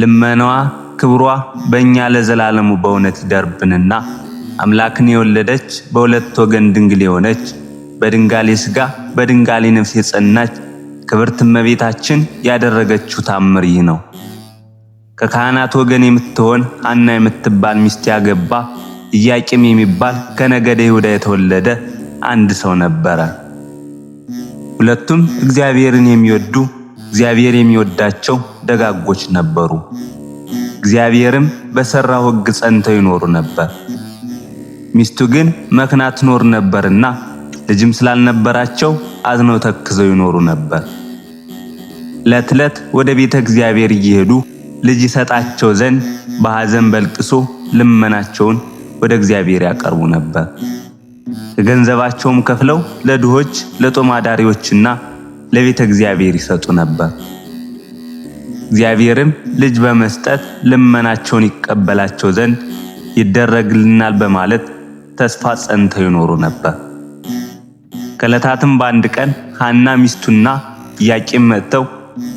ልመናዋ ክብሯ በእኛ ለዘላለሙ በእውነት ይደርብንና አምላክን የወለደች በሁለት ወገን ድንግል የሆነች በድንጋሌ ሥጋ በድንጋሌ ነፍስ የጸናች ክብርት እመቤታችን ያደረገችው ታምር ይህ ነው። ከካህናት ወገን የምትሆን ሐና የምትባል ሚስት ያገባ ኢያቄም የሚባል ከነገደ ይሁዳ የተወለደ አንድ ሰው ነበረ። ሁለቱም እግዚአብሔርን የሚወዱ እግዚአብሔር የሚወዳቸው ደጋጎች ነበሩ። እግዚአብሔርም በሰራው ሕግ ጸንተው ይኖሩ ነበር። ሚስቱ ግን መክና ትኖር ነበርና ልጅም ስላልነበራቸው አዝነው ተክዘው ይኖሩ ነበር። ዕለት ዕለት ወደ ቤተ እግዚአብሔር እየሄዱ ልጅ ይሰጣቸው ዘንድ በሐዘን በልቅሶ ልመናቸውን ወደ እግዚአብሔር ያቀርቡ ነበር። ከገንዘባቸውም ከፍለው ለድሆች ለጦማዳሪዎችና ለቤተ እግዚአብሔር ይሰጡ ነበር። እግዚአብሔርም ልጅ በመስጠት ልመናቸውን ይቀበላቸው ዘንድ ይደረግልናል በማለት ተስፋ ጸንተው ይኖሩ ነበር። ከዕለታትም በአንድ ቀን ሐና ሚስቱና ኢያቄም መጥተው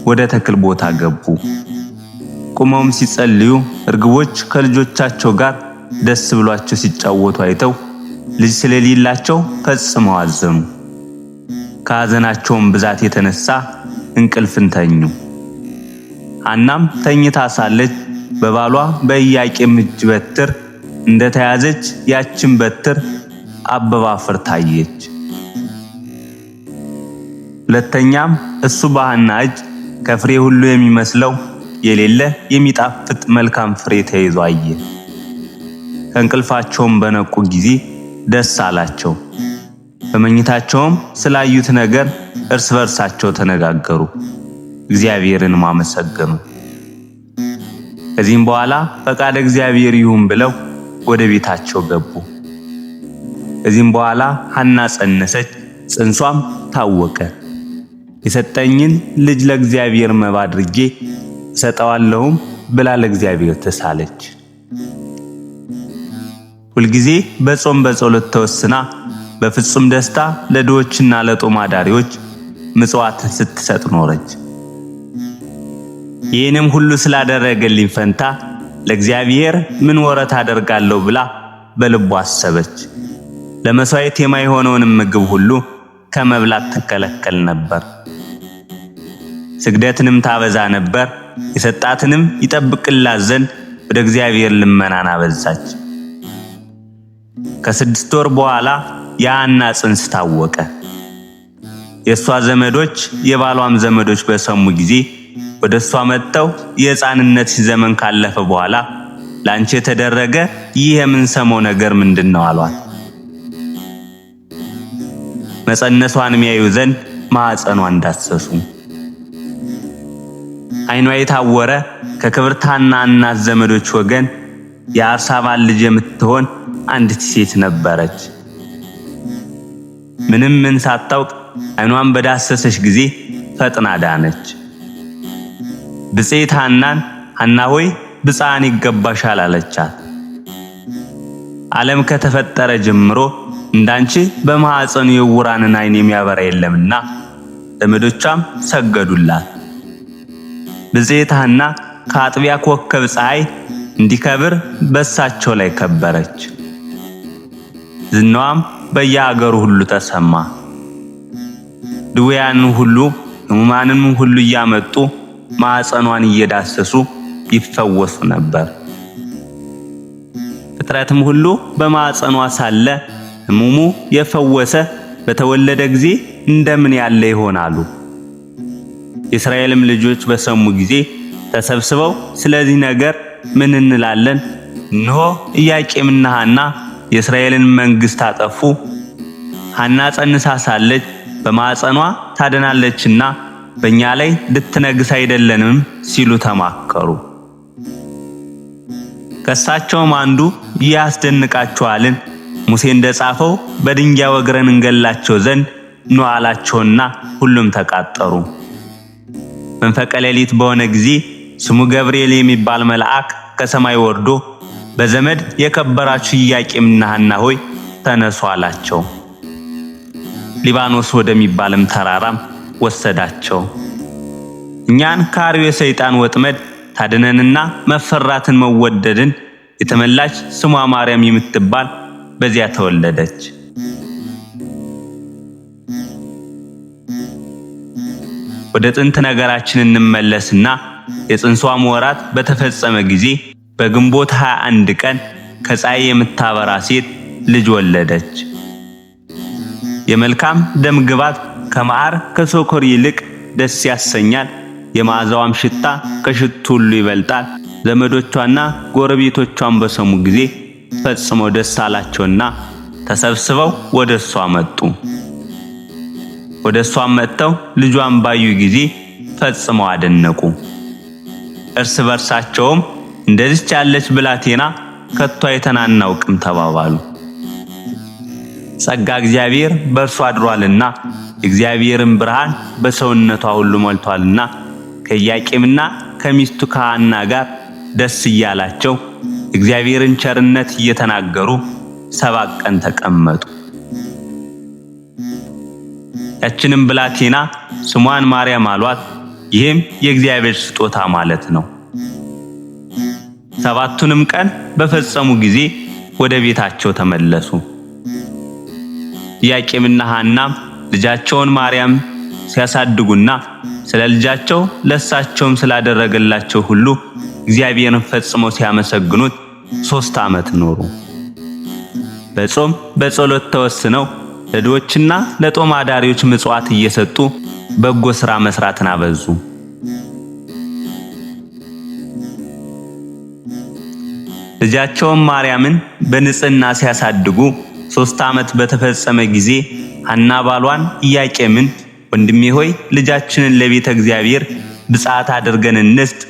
ወደ ተክል ቦታ ገቡ። ቁመውም ሲጸልዩ እርግቦች ከልጆቻቸው ጋር ደስ ብሏቸው ሲጫወቱ አይተው ልጅ ስለሌላቸው ፈጽመው አዘኑ። ከሐዘናቸውም ብዛት የተነሳ እንቅልፍን ተኙ። ሐናም ተኝታ ሳለች በባሏ በኢያቄም እጅ በትር እንደተያዘች ያችን በትር አበባ ፍር ታየች። ሁለተኛም እሱ በሐና እጅ ከፍሬ ሁሉ የሚመስለው የሌለ የሚጣፍጥ መልካም ፍሬ ተይዞ አየ። ከእንቅልፋቸውም በነቁ ጊዜ ደስ አላቸው። በመኝታቸውም ስላዩት ነገር እርስ በርሳቸው ተነጋገሩ፣ እግዚአብሔርን ማመሰገኑ። ከዚህም በኋላ ፈቃደ እግዚአብሔር ይሁን ብለው ወደ ቤታቸው ገቡ። ከዚህም በኋላ ሐና ጸነሰች፣ ጽንሷም ታወቀ። የሰጠኝን ልጅ ለእግዚአብሔር መባ አድርጌ እሰጠዋለሁም ብላ ለእግዚአብሔር ተሳለች። ሁልጊዜ በጾም በጸሎት ተወስና በፍጹም ደስታ ለድሆችና ለጦማ ዳሪዎች ምጽዋትን ስትሰጥ ኖረች። ይህንም ሁሉ ስላደረገልኝ ፈንታ ለእግዚአብሔር ምን ወረት አደርጋለሁ ብላ በልቧ አሰበች። ለመሥዋዕት የማይሆነውንም ምግብ ሁሉ ከመብላት ትከለከል ነበር። ስግደትንም ታበዛ ነበር። የሰጣትንም ይጠብቅላት ዘንድ ወደ እግዚአብሔር ልመናን አበዛች። ከስድስት ወር በኋላ ያና ጽንስ ታወቀ። የእሷ ዘመዶች የባሏም ዘመዶች በሰሙ ጊዜ ወደ እሷ መጥተው የሕፃንነት ዘመን ካለፈ በኋላ ላንቺ የተደረገ ይህ የምንሰማው ነገር ምንድን ነው አሏት። መጸነሷን የሚያዩ ዘንድ ማዕፀኗን እንዳሰሱ አይኗ የታወረ ከክብርታና እናት ዘመዶች ወገን የአርሳባን ልጅ የምትሆን አንዲት ሴት ነበረች። ምንም ምን ሳታውቅ አይኗን በዳሰሰች ጊዜ ፈጥና ዳነች። ብፅዕት ሐናን ሐና ሆይ ብፅዓን ይገባሻል አለቻት። ዓለም ከተፈጠረ ጀምሮ እንዳንቺ በማዕፀኑ የውራንን አይን የሚያበራ የለምና ዘመዶቿም ሰገዱላት። ብፅዕት ሐና ከአጥቢያ ኮከብ ፀሐይ እንዲከብር በእሳቸው ላይ ከበረች። ዝናዋም በየአገሩ ሁሉ ተሰማ። ድውያን ሁሉ ሕሙማንም ሁሉ እያመጡ ማዕፀኗን እየዳሰሱ ይፈወሱ ነበር። ፍጥረትም ሁሉ በማዕፀኗ ሳለ ሕሙሙ የፈወሰ በተወለደ ጊዜ እንደምን ያለ ይሆናሉ። የእስራኤልም ልጆች በሰሙ ጊዜ ተሰብስበው ስለዚህ ነገር ምን እንላለን? ኖ ኢያቄምና ሐና የእስራኤልን መንግሥት አጠፉ ሐና ጸንሳ ሳለች በማጸኗ ታደናለችና በእኛ ላይ ልትነግስ አይደለንም ሲሉ ተማከሩ። ከሳቸውም አንዱ ይህ ሙሴ እንደጻፈው በድንጋይ ወግረን እንገላቸው ዘንድ ኑ አላቸውና ሁሉም ተቃጠሩ። መንፈቀ ሌሊት በሆነ ጊዜ ስሙ ገብርኤል የሚባል መልአክ ከሰማይ ወርዶ በዘመድ የከበራችሁ ኢያቄምና ሐና ሆይ ተነሱ አላቸው። ሊባኖስ ወደሚባልም ተራራም ወሰዳቸው። እኛን ካሪው የሰይጣን ወጥመድ ታድነንና መፈራትን መወደድን የተመላች ስሟ ማርያም የምትባል በዚያ ተወለደች። ወደ ጥንት ነገራችን እንመለስና የጽንሷም ወራት በተፈጸመ ጊዜ በግንቦት 21 ቀን ከፀሐይ የምታበራ ሴት ልጅ ወለደች። የመልካም ደም ግባት ከመዓር ከሶኮር ይልቅ ደስ ያሰኛል። የመዓዛዋም ሽታ ከሽቱ ሁሉ ይበልጣል። ዘመዶቿና ጎረቤቶቿን በሰሙ ጊዜ ፈጽመው ደስ አላቸውና ተሰብስበው ወደ እሷ መጡ። ወደ እሷም መጥተው ልጇን ባዩ ጊዜ ፈጽመው አደነቁ። እርስ በርሳቸውም እንደዚች ያለች ብላቴና ከቷ የተናናውቅም አናውቅም ተባባሉ። ጸጋ እግዚአብሔር በእርሱ አድሯልና እግዚአብሔርን ብርሃን በሰውነቷ ሁሉ ሞልቷልና። ከኢያቄምና ከሚስቱ ከሐና ጋር ደስ እያላቸው እግዚአብሔርን ቸርነት እየተናገሩ ሰባት ቀን ተቀመጡ። ያችንም ብላቴና ስሟን ማርያም አሏት። ይህም የእግዚአብሔር ስጦታ ማለት ነው። ሰባቱንም ቀን በፈጸሙ ጊዜ ወደ ቤታቸው ተመለሱ። ኢያቄምና ሐና ልጃቸውን ማርያም ሲያሳድጉና ስለ ልጃቸው ለሳቸውም ስላደረገላቸው ሁሉ እግዚአብሔርን ፈጽመው ሲያመሰግኑት ሶስት ዓመት ኖሩ። በጾም በጸሎት ተወስነው ለድሆችና ለጦም አዳሪዎች ምጽዋት እየሰጡ በጎ ሥራ መስራትን አበዙ። ልጃቸውን ማርያምን በንጽህና ሲያሳድጉ ሶስት ዓመት በተፈጸመ ጊዜ ሐና ባሏን ኢያቄምን ወንድሜ ሆይ ልጃችንን ለቤተ እግዚአብሔር ብጻት አድርገን እንስጥ፣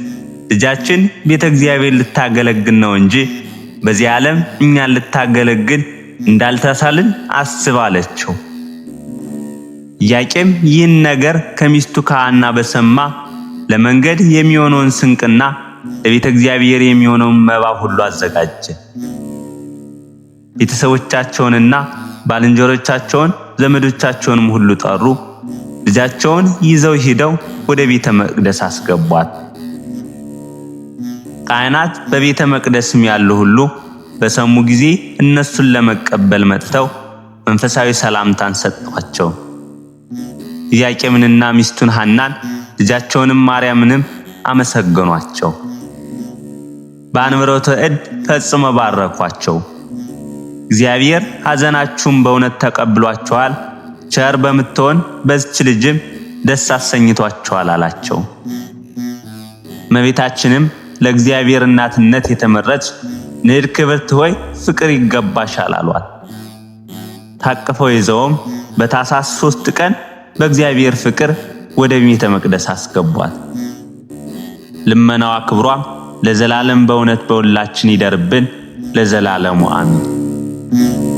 ልጃችን ቤተ እግዚአብሔር ልታገለግል ነው እንጂ በዚህ ዓለም እኛን ልታገለግል እንዳልተሳልን አስባለችው። አለችው። ኢያቄም ይህን ነገር ከሚስቱ ከሐና በሰማ ለመንገድ የሚሆነውን ስንቅና ለቤተ እግዚአብሔር የሚሆነውን መባ ሁሉ አዘጋጀ። ቤተሰቦቻቸውንና ባልንጀሮቻቸውን ዘመዶቻቸውንም ሁሉ ጠሩ። ልጃቸውን ይዘው ሂደው ወደ ቤተ መቅደስ አስገቧት። ካህናት በቤተ መቅደስም ያሉ ሁሉ በሰሙ ጊዜ እነሱን ለመቀበል መጥተው መንፈሳዊ ሰላምታን ሰጥቷቸው ኢያቄምንና ሚስቱን ሐናን ልጃቸውንም ማርያምንም አመሰገኗቸው። በአንብሮተ እድ ፈጽመ ባረኳቸው። እግዚአብሔር ሐዘናችሁን በእውነት ተቀብሏችኋል፣ ቸር በምትሆን በዚች ልጅም ደስ አሰኝቷችኋል አላቸው። እመቤታችንም ለእግዚአብሔር እናትነት የተመረች ንድ ክብርት ሆይ ፍቅር ይገባሻል አሏል። ታቅፈው ይዘውም በታሳስ ሶስት ቀን በእግዚአብሔር ፍቅር ወደ ቤተ መቅደስ አስገቧል። ልመናዋ ክብሯ ለዘላለም በእውነት በሁላችን ይደርብን ለዘላለሙ አሜን። Mm-hmm.